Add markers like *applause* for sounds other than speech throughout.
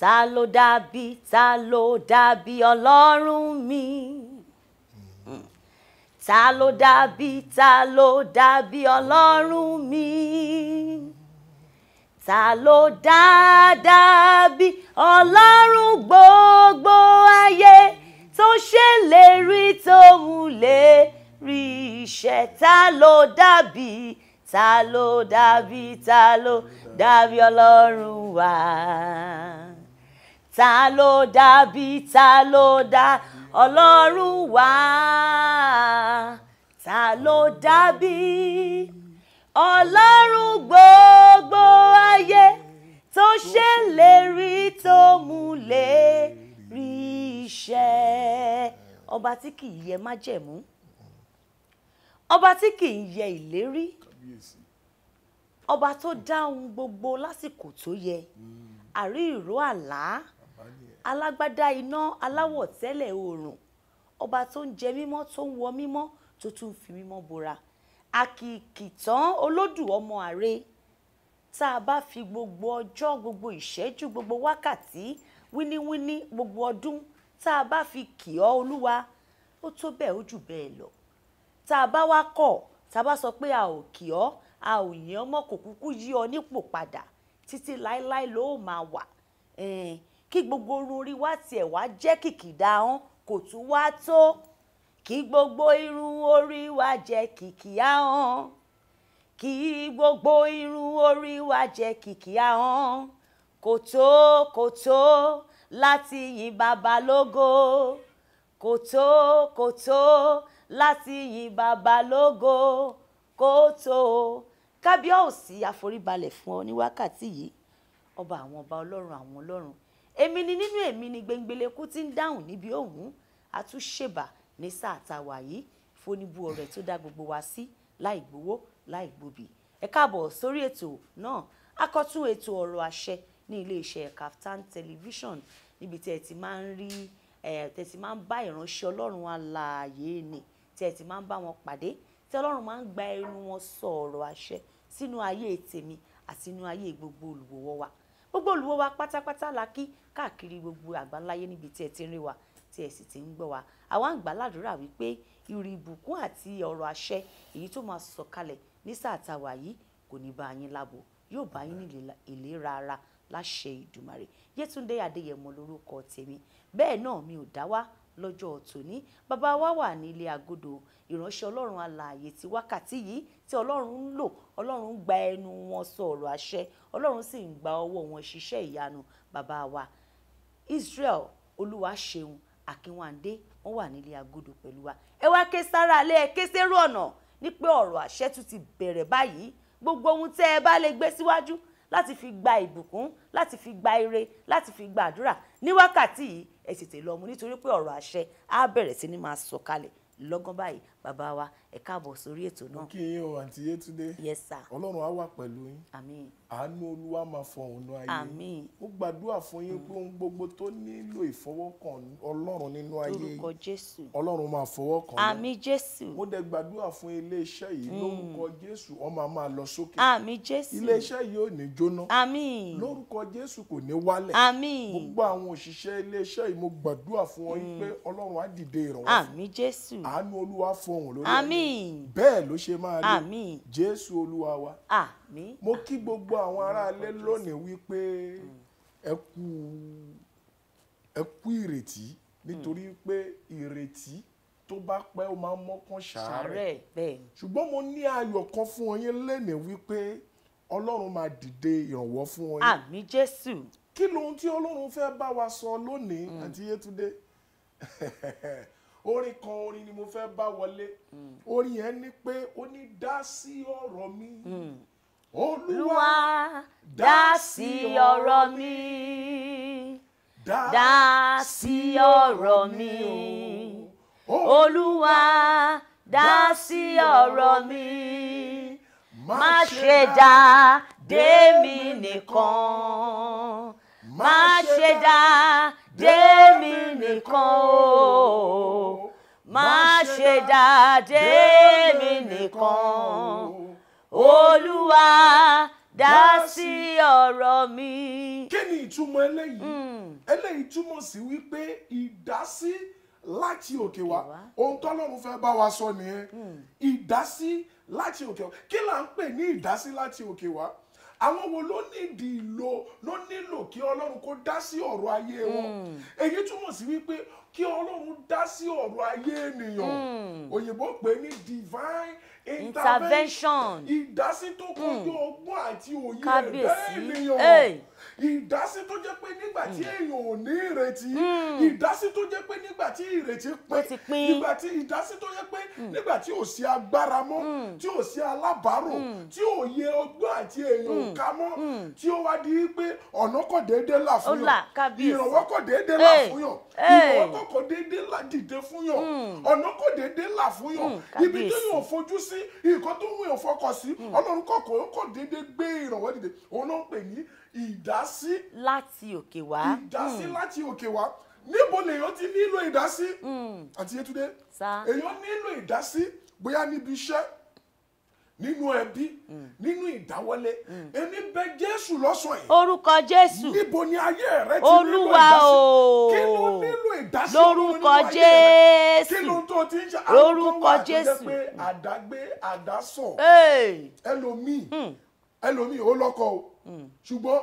Hmm. ta ló dàbí ta ló dàbí ọlọ́run mi ta ló dàbí ta ló dàbí ọlọ́run mi ta ló dàbí ọlọ́run gbogbo ayé tó ṣèlérí tó múlẹ̀ rí iṣẹ́ ta ló dàbí ta ló dàbí ta ló dàbí ọlọ́run wa ta ló dá bí ta ló dá ọlọ́run wá ta ló dá ọlọ́run gbogbo ayé tó ṣèlérí tó múlẹ̀ rí iṣẹ́ ọba tí kì í yẹ májẹ̀mú ọba tí kì í yẹ ìlérí ọba tó dá gbogbo lásìkò tó yẹ àrí ìró àlá. Mm alágbádá iná aláwọ̀ tẹ́lẹ̀ oòrùn ọba tó ń jẹ mímọ́ tó ń wọ mímọ́ tó tún fi mímọ́ bora àkìkìtàn olódù ọmọ àre tá a bá fi gbogbo ọjọ́ gbogbo ìṣẹ́jú gbogbo wákàtí wíníwíní gbogbo ọdún tá a bá fi kì ọ́ olúwa ó tó bẹ́ẹ̀ ó jù bẹ́ẹ̀ lọ tá a bá wá kọ̀ tá a bá sọ pé a ò kì ọ́ a ò yàn ọmọ kò kúkú yí ọ nípò padà títí láéláé ló máa wà. Eh, kí gbogbo irun orí wa tiẹ̀ wá jẹ́ kìkìdá hàn kò tún wá tó kí gbogbo irun orí wa jẹ́ kìkìá hàn kí gbogbo irun orí wa jẹ́ kìkìá hàn kò tó kò tó láti yìn bàbá kò tó kò tó láti yìn bàbá kò tó kábíọ́ọ̀sì àforíbalẹ̀ fún ọ ní wákàtí yìí ọba àwọn ọba ọlọ́run àwọn ọlọ́run èmi ni nínú èmi ni gbẹngbẹlẹkú ti ń dáhùn níbi òun àtúnṣèbà ní sáà tá a wà yìí fóníbu ọ̀rẹ́ tó dá gbogbo wa sí láì gbowó láì gbòbì ẹ káàbọ̀ sórí ètò náà akọtún ètò ọ̀rọ̀ àṣẹ ní iléeṣẹ́ Kaftan television níbi tí ẹ ti máa ń rí ẹ tẹ ti máa ń bá ìránṣẹ́ Ọlọ́run alààyè ni tí ẹ ti máa ń bá wọn pàdé tí Ọlọ́run máa ń gba ẹnu wọn sọ ọ̀rọ̀ àṣẹ sínú ayé tèmi àti inú ayé gbogbo olùwòwọ́ wa gbogbo olùwọ́ wa pátápátá la kí káàkiri gbogbo àgbáláyé níbi tí ẹ ti ń rí wa tí ẹ sì ti ń gbọ́ wa àwa ń gbà ládùúrà wípé ìrì ìbùkún àti ọ̀rọ̀ àṣẹ èyí tó máa sọ̀kalẹ̀ ní sáà tá wà yìí kò ní bá yín lábo yóò bá yín ní ìlera ara láṣẹ Ìdùmarè Yétúndé Adéyẹmọ lórúkọ tèmi bẹ́ẹ̀ náà mi ò dá wá lọ́jọ́ tòní bàbá wa wà nílé agodo ìránṣẹ́ ọlọ́run alààyè ti wákàtí yìí tí ọlọ́run ń lò ọlọ́run ń gba ẹnu wọn sọ ọ̀rọ̀ àṣẹ ọlọ́run sì ń gba ọwọ́ wọn ṣiṣẹ́ ìyanu bàbá wa Israel olúwa ṣeun akínwándé wọn wà nílé agodo pẹ̀lú wa ẹ wá ké sára alẹ́ ẹ ké sẹ́rù ọ̀nà ní pé ọ̀rọ̀ àṣẹ tún ti bẹ̀rẹ̀ báyìí gbogbo ohun tẹ́ ẹ bá lè gbé síwájú láti fi gba ìbùkún láti fi gba ire láti fi gba àdúrà ní wákàtí yìí ẹ tètè lọ mú nítorí pé ọ̀rọ̀ àṣẹ á bẹ̀rẹ̀ sí ni máa sọ̀kalẹ̀ lọ́gán báyìí bàbá wa ẹ káàbọ̀ sórí ètò náà. kí yín o àǹtí yétúndé. yes sir. ọlọ́run á wà pẹ̀lú yín. àmín àánú olúwa máa fọ ọ̀nà ayé àmín mo gbàdúrà fún yín pé mm. ohun gbogbo tó nílò ìfọwọ́kàn ọlọ́run nínú ayé orúkọ jésù ọlọ́run máa fọwọ́kàn àmín jésù mo dẹ̀ gbàdúrà fún iléeṣẹ́ yìí mm. lórúkọ jésù ó máa máa lọ sókè àmín jésù iléeṣẹ́ yìí ò ní jóná àmín lórúkọ jésù kò ní wálẹ̀ àmín gbogbo àwọn òṣìṣẹ́ iléeṣẹ́ yìí mo gbàdúrà fún wọn mm. pé ọlọ́run á dìde ìrànwọ́ àmín jésù àánú olúwa fọ ọ̀hún lórí àmín bẹ́ẹ̀ ló ṣe máa rí àmín jésù olúwa wa àmín mo kí gbogbo àwọn aráalé lónìí wípé ẹ kú ìrètí nítorí hmm. pé ìrètí tó bá pẹ́ ó máa ń mọ́kàn ṣàárẹ̀ ṣùgbọ́n mo ní ayọ̀ kan fún yín lónìí wípé ọlọ́run máa dìde ìrànwọ́ fún yín. àmín jésù. kí lohun tí ọlọ́run fẹ́ bá wa sọ lónìí hmm. àti yétúndé *laughs* orin kan orin ni mo fẹ́ bá wọlé hmm. orin yẹn ní pé ó ní dá sí ọ̀rọ̀ mi. Mm olúwa dá sí ọ̀rọ̀ mi dá sí ọ̀rọ̀ mi olúwa dá sí ọ̀rọ̀ mi má ṣe dá dé mi nìkan má ṣe dá dé mi nìkan o má ṣe dá dé mi nìkan olúwa dá sí ọ̀rọ̀ mi. kí ni ìtumọ̀ eléyìí hmm. eléyìí túmọ̀ sí wípé ìdásí láti òkè wá ohun tọ́lọ́run fẹ́ bá wa sọ nìyẹn hmm. ìdásí láti òkè wá kí là ń pè ní ìdásí láti òkè wá àwọn wo ló nídìí ìlò ló nílò kí ọlọ́run kó dá sí ọ̀rọ̀ ayé wọn hmm. èyí túmọ̀ sí wípé kí ọlọ́run dá sí ọ̀rọ̀ ayé ènìyàn hmm. òyìnbó pè ní divine intervention ìdásí tó kọjú hmm. ọgbọ́n àti òye ẹ̀dá ènìyàn ìdásí tó jẹ́ pé nígbà tí hmm. èèyàn ò ní ìrètí hmm. ìdásí tó jẹ́ pé nígbà tí ìrètí pé nígbà tí ìdásí tó jẹ́ pé hmm. nígbà tí ò sí agbára mọ́ tí ò sí alábàárò tí ò yẹ ọgbọ́n àti èèyàn ò ká mọ́ tí ó wá di pé ọ̀nà kò déédéé là fún yàn ìrànwọ́ kò déédéé là fún yàn ìrànwọ́ kò déédéé là dìde fún yàn ọ̀nà kò déédéé là fún yàn ibi tó yàn fojú sí nǹkan tó ń wọ̀nyàn fọkọ̀ sí ọlọ́run kọ̀ọ̀kan kò déédéé gbé ìrànwọ́ dìde òun náà pè ní ìdásí. láti òkè wá. ìdásí hmm. láti òkè wá níbo lèèyàn ti nílò ìdásí. Hmm. àti Yétúndé èèyàn nílò ìdásí bóyá níbi iṣẹ́ nínú ẹbí hmm. nínú ìdáwọlé ẹni bẹ Jésù lọ́sàn yìí. orúkọ Jésù níbo ni ayé rẹ ti nílò ìdásí kí ló nílò ìdásí lórúkọ Jésù kí ló tó ti ń ṣe lórúkọ Jésù pé àdágbé àdásọ ẹlòmíì ẹlòmíì ó lọ́kọ o. Mm. ṣùgbọ́n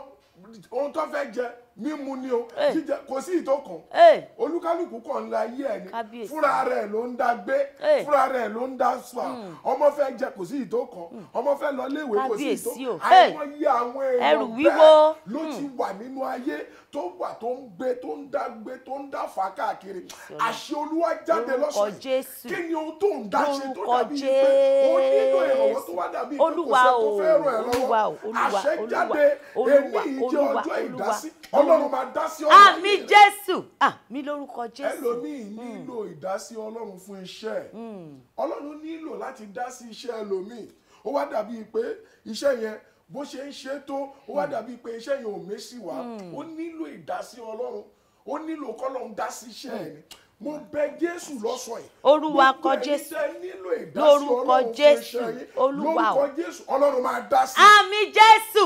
ohun tó fẹ́ jẹ mímu ni o jíjẹ kò sí ìtò kan olúkálùkù kan la yí ẹ ni fúnra rẹ̀ ló ń dá gbé fúnra rẹ̀ ló ń dá sùn mm. ọmọ fẹ́ jẹ kò sí ìtò kan mm. ọmọ fẹ́ lọ léèwé kò sí ìtò àìmọye àwọn èèyàn bẹ́ẹ̀ ló ti wà nínú ayé tó wà tó ń gbé tó ń dá gbé tó ń dá fà káàkiri àṣẹ olúwa jáde lọ́sọ̀rọ̀ kí ni ohun tó ń dá ṣe tó dàbí yìí pé ó nílò ìrànwọ́ tó wá dàbí ìpè kò sẹ́ tó fẹ́ ràn ẹ́ lọ́wọ́ àṣẹ jáde èmi ìjẹ́ ọjọ́ ìdásí ọlọ́run máa dá sí ọ̀rọ̀ àmì jésù àmì lórúkọ jésù ẹlòmíì hmm. nílò ìdásí ọlọ́run fún iṣẹ́ hmm. ọlọ́run nílò láti dá sí iṣẹ́ ẹlòmíì ó wá dàbí pé iṣẹ́ yẹn bó ṣe ń ṣe tó ó wá hmm. dàbí pé iṣẹ́ yẹn ò mésì wá hmm. ó nílò ìdásí ọlọ́run ó nílò kọ́lọ́run dá iṣẹ́ ẹ̀ hmm. ni mo bẹ jésù lọ́sọ̀ yìí olúwa kọ jésù lórúkọ jésù olúwa o lórúkọ jésù ọlọ́run máa dá sí. àmì jésù.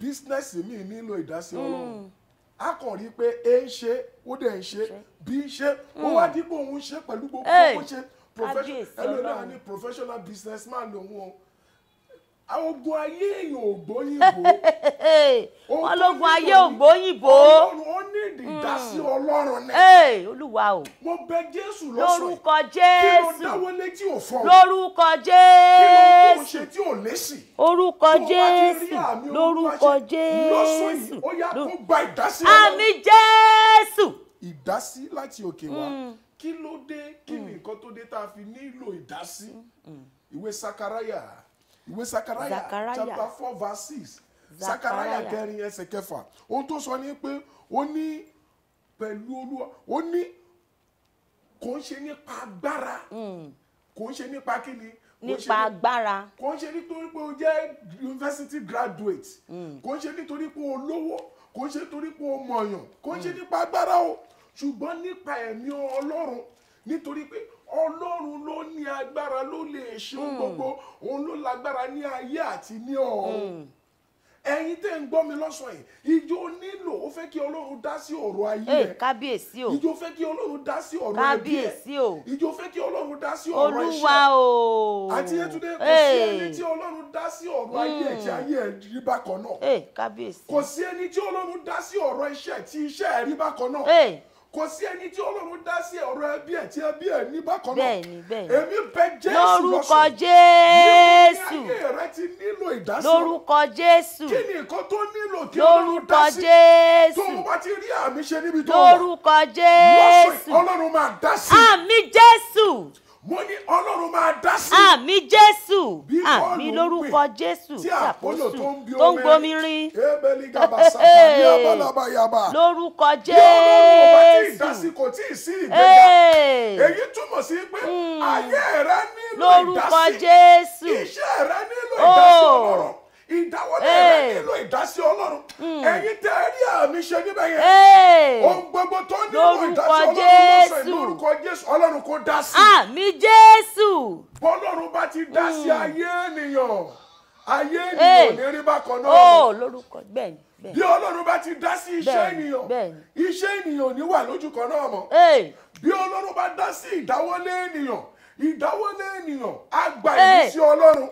bísínẹ́sì mi nílò ìdásí ọlọ́run a kàn rí i pé e ń ṣe ó dẹ̀ ń ṣe bí ń ṣe ó wá dípò òun ṣe pẹ̀lú gbogbo bó ṣe professional ẹlòmíràn ni professional businessman lòun o ogun ayé èèyàn ògbóyìnbó. wọ́n lógun ayé ògbóyìnbó. ọlọ́run ó ní ìdásí hmm. ọlọ́run ni. olúwa o. mo bẹ jésù lọ́sọ̀ọ́. lórúkọ jésù. kí ló dáwọ́lé tí ò fọ́. lórúkọ jésù. kí ló tó ṣe tí ò lésì. orúkọ jésù. lórúkọ jésù. lọ́sọ̀ọ́ yìí ó yá kó gba ìdásí ọlọ́run. àmì jésù. ìdásí láti òkè wá hmm. kí ló dé kí ni hmm. tó dé tá a fi nílò ìdásí ìwé sakaraya ìwé sakaraya chapter four verse six sakaraya kẹrin ẹsẹ̀ kẹfà ohun tó sọ ni pé ó ní pẹ̀lú olúwa ó ní kò ń ṣe nípa agbára hmm. kò ń ṣe nípa kíni nípa agbára kò ń ṣe nítorí pé o jẹ́ university graduate hmm. kò ń ṣe nítorí pé o lówó kò ń ṣe nítorí pé o mọ̀yàn kò ń ṣe hmm. nípa agbára o ṣùgbọ́n nípa ẹ̀mí ọlọ́run nítorí pé ọlọ́run ló ní agbára ló lè ṣe mm. gbogbo òun ló lágbára ní ayé àti ní ọ̀run mm. ẹ̀yin tẹ́ ń gbọ́ mi lọ́sàn yìí ìjọ nílò ó fẹ́ kí Ọlọ́run dá sí ọ̀rọ̀ ayé eh, ẹ kábíyèsí o ìjọ fẹ́ kí Ọlọ́run dá sí ọ̀rọ̀ ẹbí ẹ kábíyèsí o ìjọ fẹ́ kí Ọlọ́run dá sí ọ̀rọ̀ iṣẹ́ olúwa o àti Yétúndé kò sí eh. ẹni tí Ọlọ́run dá sí ọ̀rọ̀ ayé ẹ mm. ayé ẹ bákan náà eh, kò sí ẹni tí Ọlọ́run dá sí ọ̀rọ̀ iṣẹ́ tí iṣẹ́ ẹ bákan náà kò sí ẹni tí Ọlọ́run dá sí ọ̀rọ̀ ẹbí ẹ̀ tí ẹbí ẹ̀ ní bákan náà èmi bẹ̀ Jésù lọ́sùn lórúkọ Jésù lórúkọ Jésù kí nǹkan tó nílò kí Ọlọ́run dá sí tó o ti rí àmì ṣe níbi tó wà lọ́sùn Ọlọ́run máa dá sí àmì Jésù mo ní ọlọ́run máa dá sí. àmì ah, jésù àmì ah, lórúkọ jésù tí àpòlò tó ń gbomi rin *laughs* lórúkọ jésù èyí túmọ̀ sí pé hmm. ayé rẹ nílò ìdásí iṣẹ́ rẹ nílò oh. ìdásí ọlọ́run ìdáwọ́lé rẹ nílò ìdásí ọlọ́run hmm. ẹ̀yin tẹ́ ẹ rí àmì ṣe níbẹ̀ yẹn ohun gbogbo tó nílò ìdásí ọlọ́run lọ́sọ̀ ìlú orúkọ jésù ọlọ́run kò dá sí. àmì jésù. bọ́lọ́run bá ti dá sí hmm. ayé ènìyàn ayé ènìyàn ní rí náà. ó oh, lórúkọ bẹ́ẹ̀ ni. bí ọlọ́run bá ti dá sí iṣẹ́ ènìyàn iṣẹ́ ènìyàn ò ní wà lójú kan náà mọ́ bí ọlọ́run bá dá sí ìdáwọ́lé ènìyàn ìdáwọ́lé ènìyàn á gba ìmísí ọlọ́run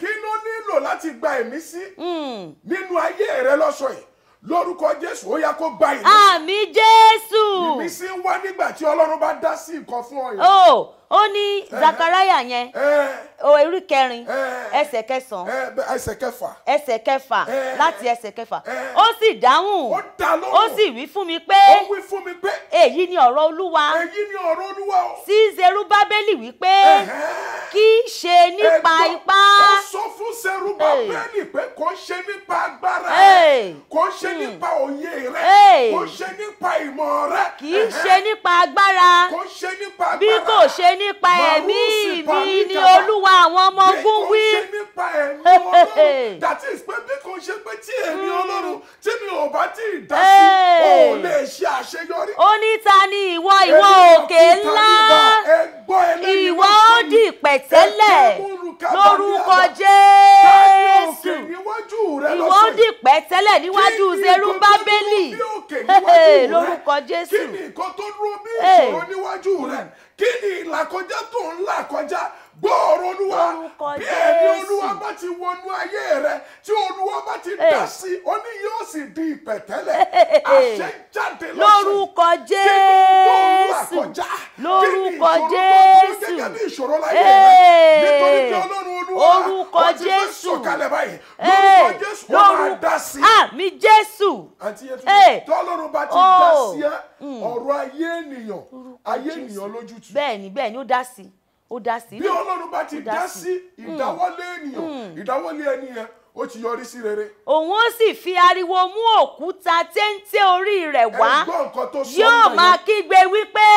kí ló nílò láti gba ìmísí hmm. nínú ayé rẹ lọ́sọ̀ọ́ yìí lórúkọ jésù ó yá kó gba ìlú. àmì jésù. ìmísí ń wá nígbà tí ọlọ́run bá dá sí nǹkan fún ọ yìí. o oh, ó ní eh, zakaraya yẹn eh, eh. Oh, orí kẹrin eh, ẹsẹ̀ kẹsàn-án eh, ẹsẹ̀ kẹfà ẹsẹ̀ kẹfà eh, láti ẹsẹ̀ kẹfà ó sì dáhùn ó sì wí fún mi pé èyí ni ọ̀rọ̀ olúwa sí Serubábélì wípé kì í ṣe nípa ipá. ó sọ fún Serubábélì pé kò ṣe nípa agbára rẹ kò ṣe hmm. nípa òye rẹ kò ṣe nípa ìmọ̀ rẹ. kì í ṣe nípa agbára bí kò ṣe nípa ẹ̀mí mi ni olúwa àwọn ọmọ ogun wí. èyí kò ṣe nípa ẹ̀mí ọlọ́run that is pé bí kò ṣe pé tí ẹ̀mí hmm. ọlọ́run tí mi ò bá tí dá sí ò lè ṣe àṣeyọrí. ó ni ìwọ ìwọ òkè ńlá ìwọ ó di pẹ̀tẹ́lẹ̀ lórúkọ jésù ìwọ ó di pẹ̀tẹ́lẹ̀ níwájú zerubábélì lórúkọ jésù. kí ni nǹkan tó dúró bí ìṣòro níwájú rẹ kí ni ìlàkọjá tó ń là kọjá gbọ́ọ̀rọ̀ olúwa bí ẹni olúwa bá ti wọnú ayé rẹ tí olúwa bá ti eh. dá sí ó ní yóò sì di ìpẹ̀tẹ́lẹ̀ eh. àṣẹ jáde lọ́sẹ̀ lórúkọ jésù lórúkọ jésù gẹ́gẹ́ bí ìṣòro láyé rẹ eh. nítorí pé ọlọ́run olúwa orúkọ jésù sọ̀kalẹ̀ báyìí lórúkọ jésù ó máa dá sí. àmì jésù àti yẹtù tọ́lọ́run bá ti oh. dá sí hmm. ọ̀rọ̀ ayé ènìyàn ayé ènìyàn lójútùú. bẹ́ẹ̀ni bẹ́ẹ̀ni ó dá sí i ó dá sí. bí ọlọ́run bá ti dá sí hmm. ìdáwọ́lé ènìyàn hmm. ìdáwọ́lé ẹni yẹn ó ti yọrí sí rere. òun ó sì fi ariwo mú òkúta téńté orí rẹ̀ wá yóò máa kígbe wípé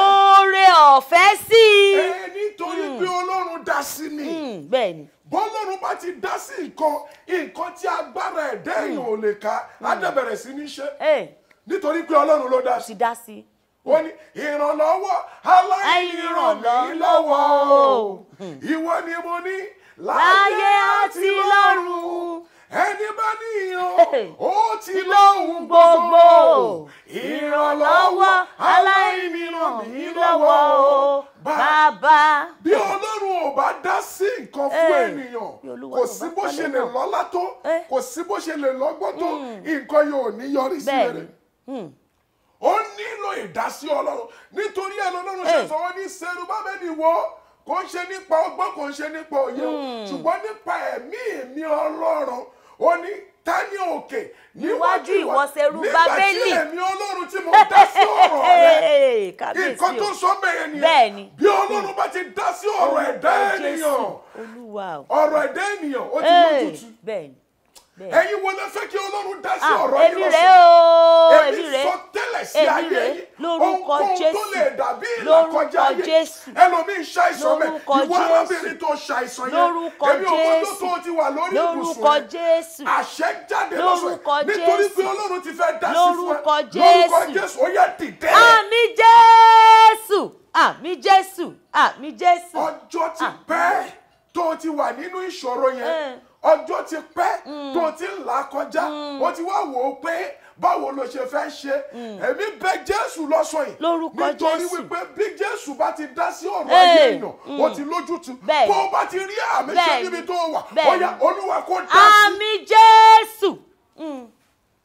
oore ọ̀fẹ́ sí i. nítorí bí hmm. ọlọ́run dá sí ni. bẹ́ẹ̀ ni bọ́lọ́run bá ti dá sí nǹkan nǹkan tí agbára ẹ̀dá èèyàn ò lè ká á dẹ̀ bẹ̀rẹ̀ sí ní ṣe nítorí pé ọlọ́run ló dá sí ó ní ìrànlọ́wọ́ aláìnírànlọ́wọ́ ìwọ ni mo ní láyé àti lọ́run ẹni bá níyàn ó ti lóhun gbogbo ìrànlọ́wọ́ aláìníran mi lọ́wọ́ bàbá. bí ọlọ́run ò bá dá sí nǹkan fún eh, ènìyàn kò sí bó ṣe lè lọ́lá tó eh. kò sí bó ṣe lè lọ́gbọ́n tó hmm. nǹkan yóò ní yọrí sí rẹ̀ ó nílò ìdásí ọlọ́run nítorí ẹ̀ lọ́lọ́run ṣe eh. sọ wọ́n ní Serubábẹ́lì wò kò ń ṣe nípa ọgbọ́n kò ń ṣe nípa òye o hmm. ṣùgbọ́n nípa ẹ̀mí ẹ̀mí ọlọ́run ó ní tani òkè níwájú ìwọ Serubábẹ́lì nígbà tí ẹ̀mí ọlọ́run tí mo dá sí ọ̀rọ̀ rẹ *laughs* nǹkan tó sọ bẹ́ẹ̀ nìyẹn bí ọlọ́run bá ti dá sí ọ̀rọ̀ ẹ̀dá ènìyàn ọ̀rọ̀ ẹ̀dá ènìyàn ó ti lójútu ẹ̀yin wo lẹ fẹ́ kí Ọlọ́run dá sí ah, ọ̀rọ̀ yìí lọ́sọ̀rọ̀ èmi sọ tẹ́lẹ̀ sí ayé yìí ohunkóhun tó lè dàbí ìlàkọjá yìí ẹlòmíín ṣàìsàn mẹ ìwọ arábìnrin tó ṣàìsàn yẹn èmi ò mọ tó tó ti wà lórí ibùsùn rẹ àṣẹ jáde lọ́sọ̀rọ̀ nítorí pé Ọlọ́run ti fẹ́ dá sí fún ẹ lórúkọ Jésù ó yẹ dìde. àmì Jésù àmì Jésù àmì Jésù. ọjọ́ ti pẹ́ tó ti wà nínú ìṣòro yẹn. Eh ọjọ́ ti pẹ́ mm. tó ti ń là kọjá ó mm. ti wá wò ó pé báwo ló ṣe fẹ́ ṣe mm. ẹ̀mí bẹ jésù lọ́sọ̀ yìí nítorí wípé bí jésù bá ti dá sí ọ̀rọ̀ ayé èèyàn ó ti lójútu kó o bá ti rí àmì ṣe níbi tó wà ó yá olúwa kó dá sí. àmì jésù.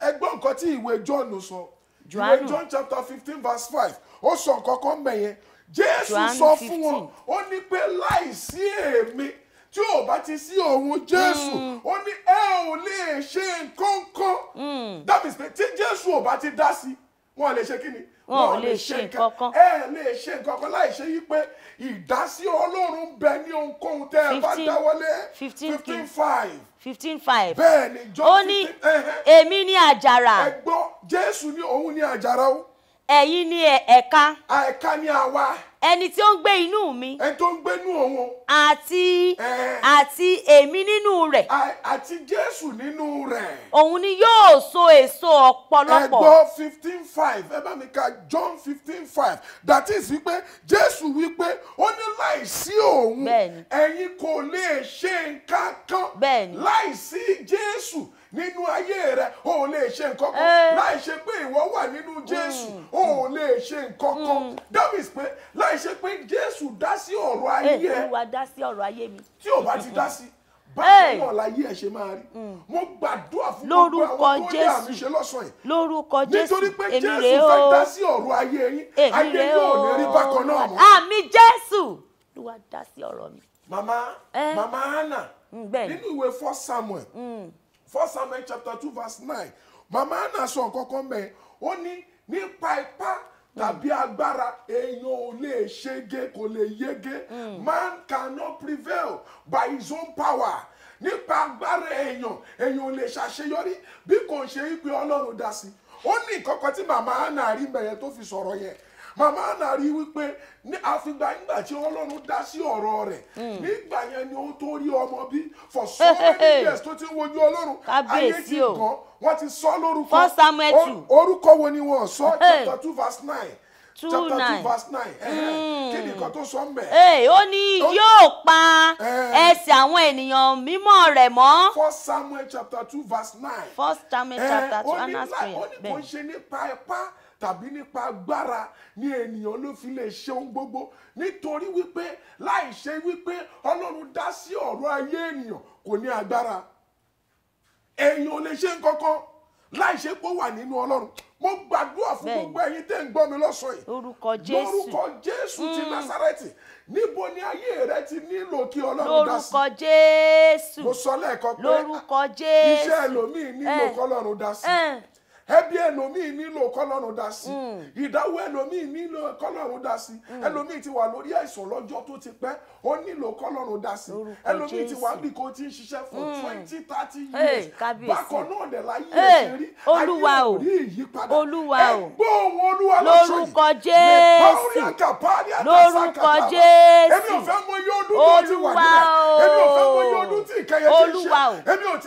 ẹ gbọ́ nǹkan tí ìwé john sọ ìwé john chapter fifteen verse five ó sọ nǹkan kan mẹ́yẹn jésù sọ fún wọn ó ní pé láìsí èmi tí ò bá ti sí òun jésù mm. ó ní ẹ ò lè ṣe nǹkan kan mm. that is tí jésù ò bá ti dá sí wọn lè ṣe kí wọn lè ṣe nǹkan ẹ lè ṣe nǹkan láì ṣe yí pé ìdásí ọlọ́run bẹ ní ohunkóhun tẹ́ ẹ bá dáwọ́lé fifteen five fifteen five bẹ́ẹ̀ ni john ó ní eh, eh. èmi ni àjàrà ẹ gbọ́ jésù ní òun ni àjàrà o ẹ̀yin ni ẹ̀ka ẹ̀ka ni àwa ẹni tí ó ń gbé inú mi. ẹni tó ń gbé inú òun. àti àti èmi nínú rẹ̀. àti jésù nínú rẹ̀. òun ni yóò so èso ọ̀pọ̀lọpọ̀. ẹgbọ́ fifteen five ẹ bá mi ka john fifteen five that is wípé jésù wípé ó ní láìsí òun ẹ̀yin kò lè ṣe nǹkan kan láìsí jésù nínú ayé rẹ o ò lè ṣe nǹkan kan eh. láì ṣe pé ìwọ wà nínú jésù mm. o ò lè ṣe nǹkan kan mm. that means pé láì ṣe pé jésù dá sí ọ̀rọ̀ ayé eh, ẹ olúwa dá sí ọ̀rọ̀ ayé mi tí o bá ti dá sí báwo eh. náà láyé ẹ ṣe máa rí mm. mo gbàdúrà fún gbogbo àwọn tó yà mí ṣe lọ́sàn yìí lórúkọ jésù nítorí pé jésù fẹ́ dá sí ọ̀rọ̀ ayé yín ayé yóò ní rí bákan náà mọ́. àmì jésù ló wá dá sí ọ̀rọ̀ mi. màmá màmá hannah nínú ìwé fọ́ samuel. Mm first samuel chapter two verse nine màmá náà sọ nǹkan kan mẹ́ ó ní nípa ipá tàbí agbára èèyàn ò lè ṣege kò lè yege mm. man cannot prevail by his own power nípa agbára èèyàn èèyàn ò lè ṣàṣeyọrí bí kò ṣe é pé ọlọ́run dá sí i ó ní ìkọ̀kọ̀ tí màmá náà rí bẹ̀rẹ̀ tó fi sọ̀rọ̀ yẹn màmá ànàrí wípé ní àfìgbà nígbà tí ọlọ́run dá sí ọ̀rọ̀ rẹ̀ hmm. nígbà yẹn ni ó tó rí ọmọ bí for so many years tó ti ń wojú ọlọ́run ayé ti kàn wọ́n ti sọ lórúkọ orúkọ wo ni wọ́n sọ chapter two verse nine chapter two verse nine hmm. kí ni nǹkan tó sọ mbẹ. ó ní yóò pa ẹsẹ̀ àwọn ènìyàn mímọ́ rẹ̀ mọ́. first samuel chapter two verse nine. first samuel chapter two anna square ó ní kò ń ṣe nípa ẹ̀pá tàbí nípa agbára ni ènìyàn ló fi lè ṣe ohun gbogbo nítorí wípé láì ṣe wípé ọlọ́run dá sí ọ̀rọ̀ ayé ènìyàn kò ní agbára èèyàn ò lè ṣe nǹkan kan láì ṣe pé ó wà nínú ọlọ́run mo gbàdúrà fún gbogbo ẹ̀yin tẹ́ ń gbọ́ mi lọ́sọ̀ọ́ yìí lórúkọ jésù lórúkọ jésù ti mm. nasarẹ́tì níbo ni ayé rẹ ti nílò kí ọlọ́run dá sí lórúkọ jésù mo sọ lẹ́ẹ̀kan pé lórúkọ jésù iṣẹ́ ẹlòmíì nílò kọ́lọ́run dá sí eh, eh ẹbí ẹlòmíì nílò kọ́lọ́run dá sí mm. ìdáwó ẹlòmíì nílò kọ́lọ́run dá sí mm. ẹlòmíì ti wà lórí àìsàn lọ́jọ́ tó ti pẹ́ ó nílò kọ́lọ́run dá sí ẹlòmíì ti wà bí kò ti ń ṣiṣẹ́ fún mm. twenty thirty years bákan náà dẹ̀ láyé ẹ̀ṣẹ̀ rí olúwa o olúwa o gbóhùn olúwa lọ́sọ̀yìn lórúkọ jésù lórúkọ jésù olúwa o olúwa o lórúkọ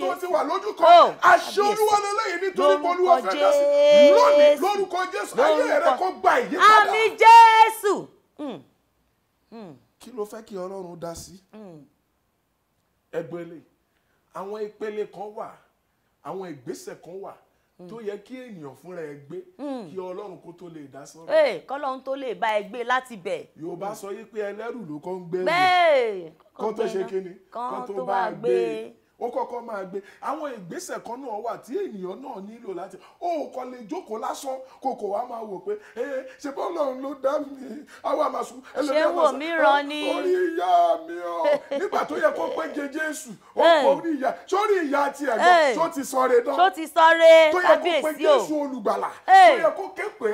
jésù oh, àṣẹ olúwa lélẹ́yìn ní lórúkọ jésù lónìí lórúkọ jésù ayé rẹ kó gba ìyípadà. àmì jésù. Hmm. Hmm. kí ló fẹ́ kí ọlọ́run dá sí hmm. ẹgbẹ́lẹ̀ àwọn ìpele kan wà àwọn ìgbésẹ̀ kan wà tó yẹ kí ènìyàn fúnra ẹ gbé kí ọlọ́run kó tó lè dá sọ́rọ̀. ee kọ́lọ́run tó lè bá ẹ gbé láti bẹ̀. yorùbá sọ yí pé ẹlẹ́rù ló kọ́ ń gbé rù kó tó ṣe kíni kó tó bá gbé ó kọ́kọ́ máa gbé àwọn ìgbésẹ̀ kan náà wà tí ènìyàn náà nílò láti ó kọ́ lè jókòó lásán kòkò wa máa wò pé ṣe bọ́ lọ́run ló dá mi àwa máa sùn ẹlẹ́dàá wò mí rán ni orí ìyá mi ọ nígbà tó yẹ kó pé jẹ Jésù ó kọ orí ìyá sórí ìyá ti ẹ̀gbọ́n tó ti sọre dán tó ti sọre tó yẹ kó pé Jésù olùgbàlà tó yẹ kó ké pé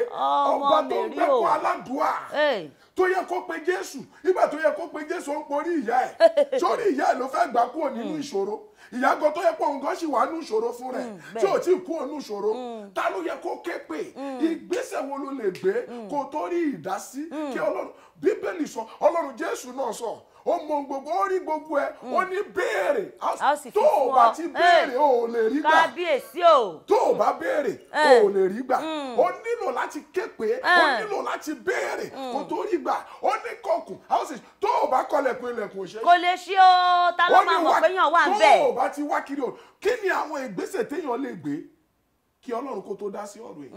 tó yẹ kó pe jésù ìgbà tó yẹ kó pe jésù ó ń porí ìyá ẹ̀ *laughs* sórí ìyá ẹ̀ ló fẹ́ gbà kúrò nínú mm. ìṣòro ìyá gan tó yẹ pé òun gan sì wà nù ìṣòro fún rẹ̀ mm, tí ò tí ì kúrò nù ìṣòro mm. ta ló yẹ kó ké pè ìgbésẹ̀ wo ló lè gbé kó tó rí ìdásí kí ọlọ́run bíbélì sọ ọlọ́run jésù náà sọ ó mọ gbogbo ó rí gbogbo ẹ mm. ó ní béèrè tó o bá ti béèrè o ò lè rí gbà kábíyèsí o tó o bá béèrè o ò lè rí gbà ó mm. nílò láti képe ó nílò láti béèrè mm. kó tó rí gbà ó ní kọkùn tó o bá kọlẹ̀kùn ilẹ̀kùn òṣèlú. kò lè ṣe o ta ló máa mọ̀ pé yàn wà ń tó o bá ti wá kiri o kí ni àwọn ìgbésẹ̀ téèyàn lè gbé kí ọlọ́run kó tó dá sí ọ̀rọ̀ yìí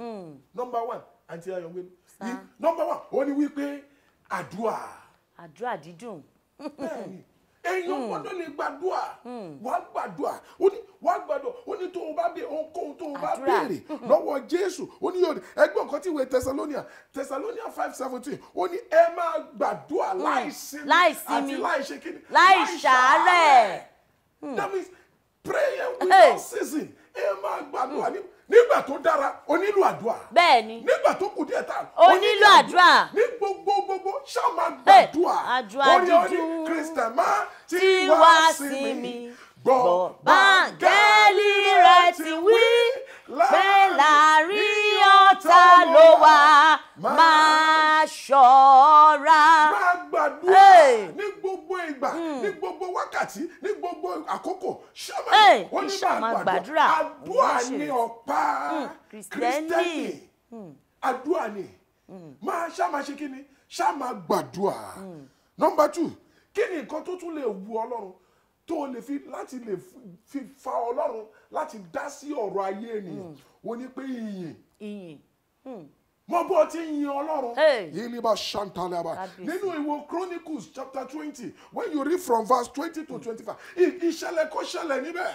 nọ́mbà one àǹtí ayọ̀gbẹ́ni nọ́mbà one ó ní wípé àdúrà. àdúrà dídùn bẹ́ẹ̀ni èèyàn hmm. gbọ́dọ̀ lè gbàdúà hmm. wà á gbàdúà ó ní wà á gbàdúà ó ní tó o bá béèrè ohunkóhun tó o bá béèrè hmm. lọ́wọ́ jésù ó ní yóò ẹgbẹ́ nǹkan tí ìwé Thessalonia Thessalonia five seventeen ó ní ẹ máa gbàdúà láìsinmi àti láìṣe kíni láìṣàárẹ̀ that means prayer without ceasing ẹ máa gbàdúà nípa nígbà tó dára o nílò àdúrà. bẹ́ẹ̀ni nígbà tó kù díẹ̀ tán o nílò àdúrà. ní gbogbo gbogbo ṣáà gbàdúrà orí orí ti wá sí mi gbọ́ báńgẹ́lì rẹ̀ ti wí pé láàrin ọ̀tá ló wà máa ṣọ́ra. máa gbàdúrà ní ìgbà hmm. ní gbogbo wákàtí ní gbogbo àkókò ṣọ́mà ó gbàdúrà àdúrà ni ọ̀pá hmm, kristẹni hmm. àdúrà ni máa ṣáma ṣe kí ni ṣáma gbàdúrà nọ́mbà tù kí ni nǹkan tó tún lè wu ọlọ́run tó o lè fi láti lè fi fa ọlọ́run láti dá sí ọ̀rọ̀ ayé ènìyàn o ní pé ìyìn mo bó ti ń yin ọlọ́run yìí bá ṣàǹtàlẹ́bà nínú ìwọ chronicles chapter twenty when you read from verse twenty to twenty five ìṣẹ̀lẹ̀ kó ṣẹlẹ̀ níbẹ̀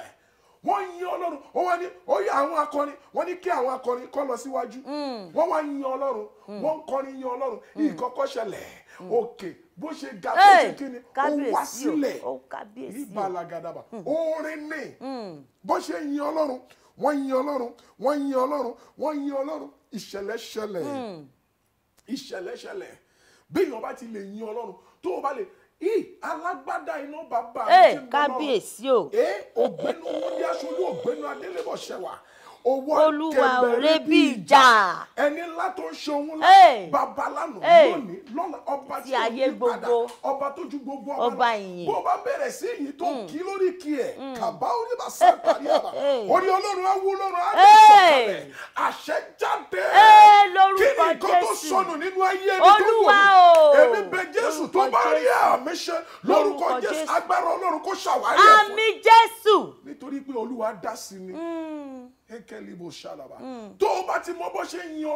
wọ́n yin ọlọ́run wọ́n wá ní oyè àwọn akọrin wọ́n ní kí àwọn akọrin kọ́ lọ síwájú hmm. wọ́n wá yin ọlọ́run hmm. wọ́n ń kọrin yin ọlọ́run hmm. ìkọ́kọ́ ṣẹlẹ̀ òkè bó ṣe ga tó ṣe kí ni ó wá oh, sílẹ̀ ìbalagadaba orin ni bó ṣe yin ọlọ́run wọ́n yin ọlọ́run wọ́n yin ọlọ́run wọ́n yin ọlọ́run ìṣẹ̀lẹ̀ ṣẹlẹ̀ hmm. ìṣẹ̀lẹ̀ ṣẹlẹ̀ béèyàn bá ti lè yin ọlọ́run tó o bá lè ì alágbádá iná bàbá mi ti ń kábíyèsí o eh, ògbénu wúndí aṣojú ògbénu adélébọ̀ṣẹ̀wà owó kẹbẹrẹ bí ìjà ẹni ńlá tó ń ṣe òun lọ babalánà lónìí lọ́nà ọba tí ó yí padà ọba tó ju gbogbo ọba lọ bó bá bẹ̀rẹ̀ sí èyí tó hmm. kí lórí kí ẹ̀ hmm. kàbá orí bá sá *laughs* orí ọlọ́run á wú lọ́run á lè sọ̀kalẹ̀ àṣẹ jáde kí ni nǹkan tó sọnù nínú ayé ẹni tó wò ó èmi bẹ jésù tó bá rí àmì ṣe lórúkọ jésù agbára ọlọ́run kó ṣàwárí ẹ̀fọ́ àmì jésù nítorí pé olúwa dá sí ni. Hmm. kékeré ṣàlàbà mm. tó o bá ti mọ bó ṣe yin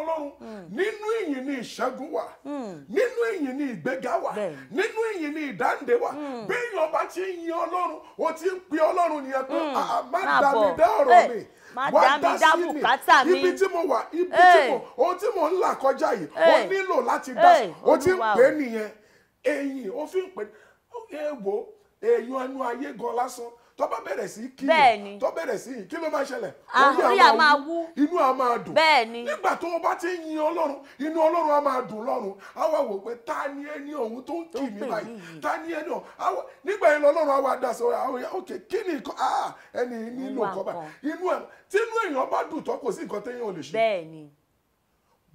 mm. nínú ìyìn ni ìṣẹ́gun wà mm. nínú ìyìn ni ìgbéga wà nínú ìyìn ni ìdáǹdè wà bí èèyàn bá ti yin ọlọ́run o ti ń pe ọlọ́run nìyẹn pé ah, má dá mi dá ọ̀rọ̀ mi wá dá sí mi ibi tí mo wà ibi tí mo mo ń là o nílò láti dá o ti ń pè é tó bá bẹ̀rẹ̀ sí kí ni tó bẹ̀rẹ̀ sí kí ló máa ṣẹlẹ̀ ah, orí a máa wú inú a máa dùn nígbà tó o bá ti ń yin ọlọ́run inú ọlọ́run a máa dùn lọ́run á wá wò pé ta ni ẹni ọ̀hún tó ń kì mí báyìí ta ni ẹni ọ̀hún nígbà yẹn lọ́run á wá dà sọ ok kí ni ah, ẹni nílò kọ́ báyìí inú ẹ̀ tí inú èèyàn bá dùn tó kò sí nǹkan téèyàn ò lè ṣe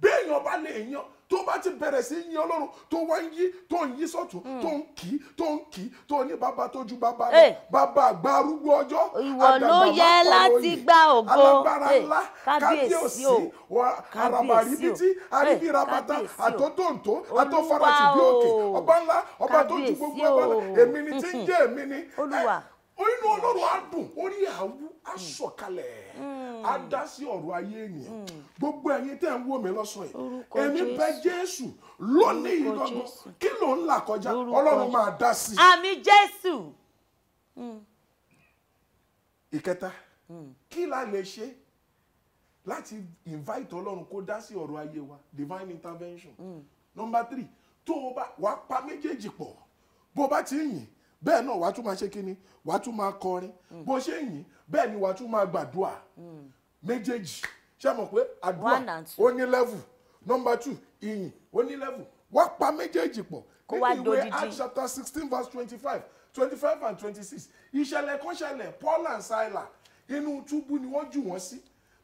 béèyàn bá lè yan tó bá ti bẹ̀rẹ̀ sí yan ọlọ́run tó wá ń yí tó ń yí sọ̀tún hmm. tó ń kì tó ń kì tó ní bàbá tó ju bàbá lọ eh. bàbá àgbà arúgbó ọjọ́ ìwọ ló yẹ láti gba ògo alágbára eh, ńlá kábíyèsí o araba ribiti aribi eh, rabata àtótóntó àtófarasì bí òkè ọba ńlá ọba tó ju gbogbo ọba lọ èmi ni tí ń hmm, jẹ́ èmi ni hmm. inú ọlọ́run á dùn orí àwú á sọ̀kalẹ̀ á mm. dá sí ọ̀rọ̀ ayé ènìyàn mm. gbogbo ẹ̀yin tẹ́ ń wò mí lọ́sàn-án yìí èmi bẹ̀ Jésù lónìí ìdọ́gbọ́n kí ló ń là kọjá Ọlọ́run máa dá sí. àmì Jésù. Mm. ìkẹta kí la lè ṣe láti invite Ọlọ́run kó dá sí ọ̀rọ̀ ayé wa divine intervention. Mm. number three tó o bá wàá pa méjèèjì pọ̀ bó o bá ti ń yìn bẹ́ẹ̀ náà wàá tún máa ṣe kíni wàá tún máa kọrin mm. bó ṣe yìn bẹ́ẹ̀ ni wàá tún máa gbàdúrà mm. méjèèjì ṣe mọ̀ pé àdúrà ó ní level number two ìyìn ó ní level wá pa méjèèjì pọ̀ nínú ìwé Acts chapter sixteen verse twenty-five twenty-five and twenty-six ìṣẹ̀lẹ̀ kan ṣẹlẹ̀ Paul and Silas inú túbú ni wọ́n jù wọ́n sí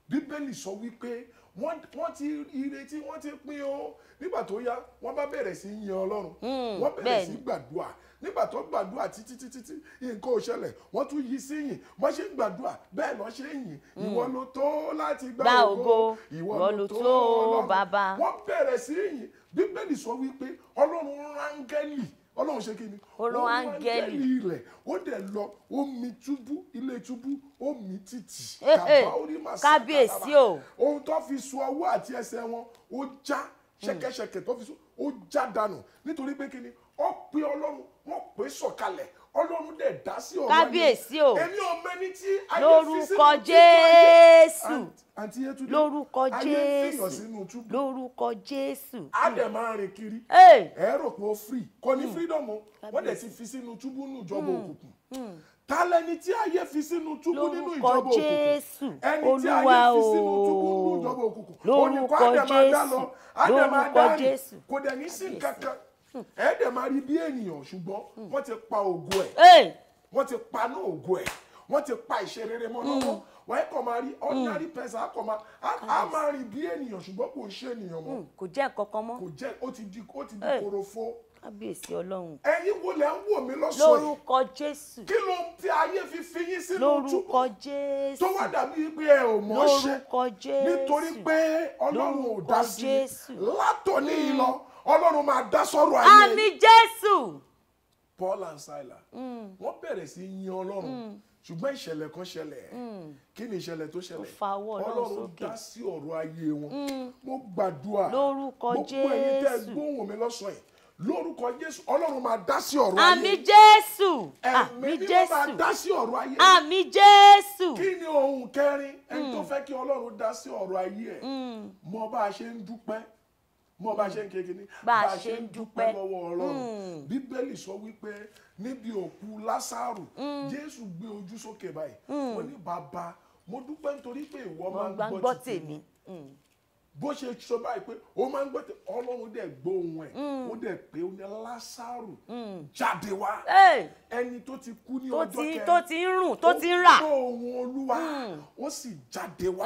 bíbélì sọ wípé wọ́n ti ìrètí wọ́n ti pín o nígbà tó yá wọ́n bá bẹ̀rẹ̀ sí yin Ọlọ́run mm, wọ́n bẹ̀rẹ̀ sí gbàdúrà nígbà tó gbàdúrà títí títí tí nǹkan ò ṣẹlẹ̀ wọ́n tún yí sí yìn wọ́n ṣe ń gbàdúrà bẹ́ẹ̀ lọ́ ṣe ń yìn hmm. ìwọ ló tó láti gbá ògo ìwọ ló tó bàbá wọ́n bẹ̀rẹ̀ sí yìn bíbélì sọ wípé ọlọ́run rángẹ́lì ọlọ́run ṣe kí ni ọlọ́run áńgẹ́lì rẹ̀ ó dẹ̀ lọ ó mi túbú ilé túbú ó mi títì eh, eh. kàbá ó rí màá sí kábíyèsí o ohun tó fi so ọwọ́ àti ẹsẹ̀ wọn ó já hmm. ṣẹ̀kẹ̀ṣẹ̀kẹ̀ tó fi so ó já dànù nítorí pé kí ni wọ́n pe ọlọ́run wọ́n pe sọ̀kalẹ̀ ọlọ́run dẹ̀ dá sí ọ̀rọ̀ yẹn kábíyèsí o èmi ọmọ ẹni tí ayé fi sínú lórúkọ jésù lórúkọ jésù lórúkọ jésù. a dẹ̀ máa rìn kiri ẹ rò pé ó free kò ní hmm. freedom o wọ́n dẹ̀ ti fi sínú túbú nù ìjọba hmm. òkùnkùn hmm. ta lẹni tí ayé fi sínú túbú nínú ìjọba òkùnkùn ẹni tí ayé fi sínú túbú nínú ìjọba òkùnkùn òní kó àdèmàdá lọ àdèmàdá rìn kò dẹ̀ ní sí kankan ẹ dẹ̀ máa rí bí ènìyàn ṣùgbọ́n wọ́n ti pa ògo ẹ̀ wọ́n ti paná ògo ẹ̀ wọ́n ti pa ìṣe rere mọ́ hmm. lọ́wọ́ wọ́n kàn máa rí ordinary hmm. person á kàn máa á máa rí bí ènìyàn ṣùgbọ́n kò ṣe ènìyàn mọ́. Hmm, kò jẹ́ kankan mọ́. kò jẹ́ ó ti di ó ti di korofo. kábíyèsí ọlọ́run. ẹ̀yin wo lẹ ń wò mí lọ́sọ̀ọ́ yìí. lórúkọ jésù. kí ló ń ti ayé fi fi yín sínú túbọ̀. lórúkọ jésù. tó wà dàbí pé ẹ ò mọ̀ ṣe. lórúkọ jésù. nítorí pé ọlọ́run ò dá sí i látòní yìí lọ ọlọ́run máa dá sọ́rọ̀ ayé. àmì jésù. paul and silas hmm. wọ́n bẹ̀rẹ̀ sí í yin ọlọ́run hmm. ṣùgbọ́n ìṣẹ̀lẹ̀ kan ṣẹlẹ̀ hmm. kí ni ìṣẹ̀lẹ̀ tó ṣẹlẹ̀ ọlọ́run dá sí ọ̀rọ̀ ayé wọn mo gbàdúrà lórúkọ jésù gbogbo ẹ̀yin tẹ́ gbóhùn mi lọ́sàn-án yìí lórúkọ jésù ọlọ́run máa dá sí ọ̀rọ̀ ayé àmì jésù àmì jésù ẹ̀mí máa dá sí ọ̀rọ̀ ayé àmì jésù kí ni ohun kẹrin ẹni tó fẹ́ kí ọlọ́run dá sí ọ̀rọ̀ ayé ẹ̀ mọ bá a ṣe ń dúpẹ́ mọ bá ṣe ń kékeré ní bá ṣe ń dúpẹ́ lọ́wọ́ ọlọ́run hmm. bíbélì sọ wípé níbi òkú lásàrù hmm. jésù gbé ojú sókè báyìí wọ́n hmm. ní bàbá mo dúpẹ́ nítorí pé ìwọ máa ń gbọ́ tèmi bó ṣe sọ báyìí pé ó máa ń gbọ́ tẹ ọlọ́run dẹ̀ gbóhùn ẹ̀ mm. ó dẹ̀ pé ó ní lásàrù mm. jáde wá ẹni tó ti kú ní ọjọ́ kẹrin tó ti ń rùn tó ti ń rà ó gbọ́ ohùn olúwa mm. ó sì jáde wá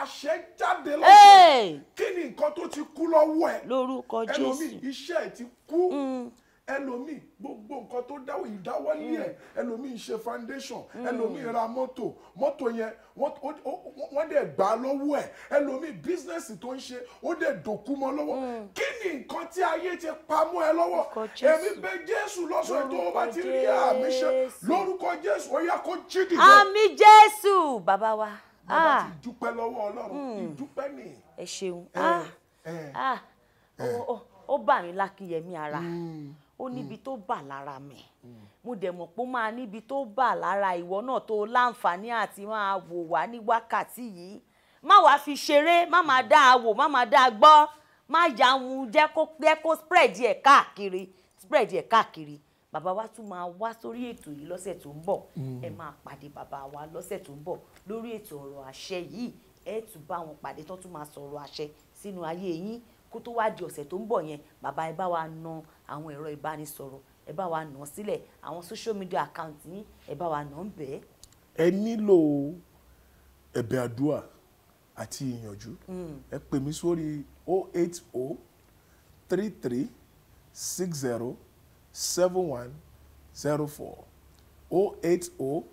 àṣẹ jáde lọ́sẹ̀ kí ni nǹkan tó ti kú lọ́wọ́ ẹ̀ lórúkọ jésù ẹlòmíì iṣẹ́ ẹ̀ ti kú ẹlòmíì gbogbo nǹkan tó dáwọ ìdáwọ́lé ẹ̀ mm. ẹlòmíì ṣe foundation mm. ẹlòmíì ra mọ́tò mọ́tò yẹn wọ́n dẹ̀ gbà á lọ́wọ́ ẹ̀ ẹlòmíì bísínẹ́sì tó ń ṣe ó dẹ̀ dòkú mọ́ lọ́wọ́ mm. kí ni nǹkan tí ayé ti pamọ́ ẹ lọ́wọ́ èmi bẹ̀ Jésù lọ́sọ̀ ètò ọba ti rí àmì ṣe lórúkọ Jésù ó yá kó jí dìde. àmì Jésù bàbá wa. bàbá ah. ti dúpẹ́ lọ́wọ́ Ọlọ́run ìdúpẹ́ ni. ẹ ṣeun eh, ah. Eh. Ah. ó bà mí lákìyẹmí ara. Mm ó níbi mm. tó bà lára mi mm. mo dẹ̀ mọ̀ pé ó máa níbi tó bà lára ìwọ náà tó láǹfààní àti máa wò wá ní wákàtí yìí má wàá fi ṣeré má máa dá a wò má máa dá a gbọ́ má yà ń jẹ́ kó pẹ́ kó spread yẹ káàkiri spread yẹ káàkiri bàbá wa tún máa wá sórí ètò yìí lọ́sẹ̀ tó ń bọ̀ mm. ẹ máa pàdé bàbá wa lọ́sẹ̀ tó ń bọ̀ lórí ètò ọ̀rọ̀ àṣẹ yìí ẹ tún bá wọn pàdé tó tún máa sọ̀rọ̀ àṣẹ sínú ayé yín kó tó wá di ọ̀sẹ̀ tó ń bọ̀ yẹn bàbá ẹ bá wa na àwọn ẹ̀rọ ìbánisọ̀rọ̀ ẹ bá wa nà sílẹ̀ àwọn social media account yín ẹ bá wa nà ń bẹ́ẹ̀. ẹ nílò ẹ̀bẹ̀ àdúrà àti ìyànjú hmm. ẹ pè mí sórí 080 33 60 71 04 080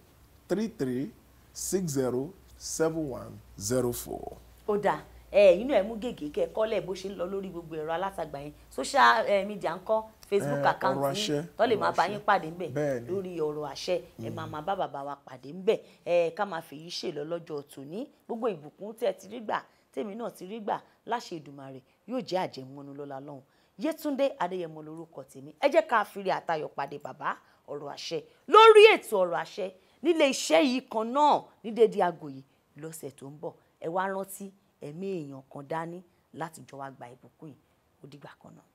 33 60 71 04. ó dáa inú ẹ̀ mú gègé kẹ́ kọ́lẹ̀ bó ṣe ń lọ lórí gbogbo ẹ̀rọ alátagbà yẹn social eh, media ń kọ́ facebook eh, account yín tó lè máa bá yín pàdé ńbẹ̀ lórí ọ̀rọ̀ àṣẹ ẹ máa mm. máa bá bàbá wa pàdé ńbẹ̀ ẹ ká máa fèyí ṣèlọ lọ́jọ́ tòní gbogbo ìbùkún tẹ́ ti rí gbà tèmi náà ti rí gbà láṣẹ Èdùmàrè yóò jẹ́ àjẹmọ́nu lọ́la lọ́hùn Yétúndé Adéyẹmọ lórúkọ tèmi ẹ jẹ́ ká fìrí àtayọ̀ pàdé bàbá ọ̀rọ̀ àṣẹ lórí ètò ọ̀rọ̀ àṣẹ nílé iṣẹ́ yìí kan náà ní aago yìí lọ́sẹ̀ tó ń bọ̀ ẹ wá rántí ẹ̀mí èèyàn kan dání láti jọ wá gba ìbùkún yìí ó dìgbà kan náà.